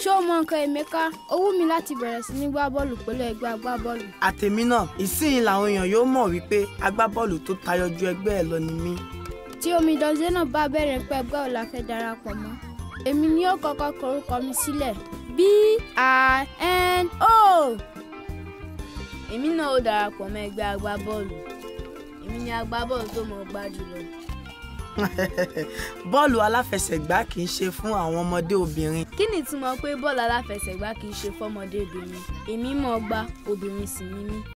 ṣé o mọ nǹkan Emeka ó wù mí láti bẹ̀rẹ̀ sí ní gbá bọ́ọ̀lù pẹ̀lú ẹgbẹ́ agbábọ́ọ̀lù. àtèmi náà ìsìn làwọn èèyàn yóò mọ̀ wípé agbábọ́ọ̀lù tó tayọ ju ẹgbẹ́ ẹ lọ ni mí. tí omidan Zainab bá bẹ̀rẹ̀ pé ẹgbẹ́ ò la fẹ́ darapọ̀ mọ́ èmi ni yóò kọ́kọ́ korúkọ mi sílẹ̀ b i n o. èmi náà ó darapọ̀ mọ́ ẹgbẹ́ agbábọ́ọ̀lù èmi ni agbábọ́ọ̀lù tó mọ̀ gbá jùlọ. bọ́ọ̀lù aláfẹsẹ̀gbá kì í ṣe fún àwọn ọmọdé obìnrin. kí ni ìtumọ̀ pé bọ́ọ̀lù aláfẹsẹ̀gbá kì í ṣe fọ́mọdé obìnrin èmi mọ̀ ọ́ obìnrin sì ni mí.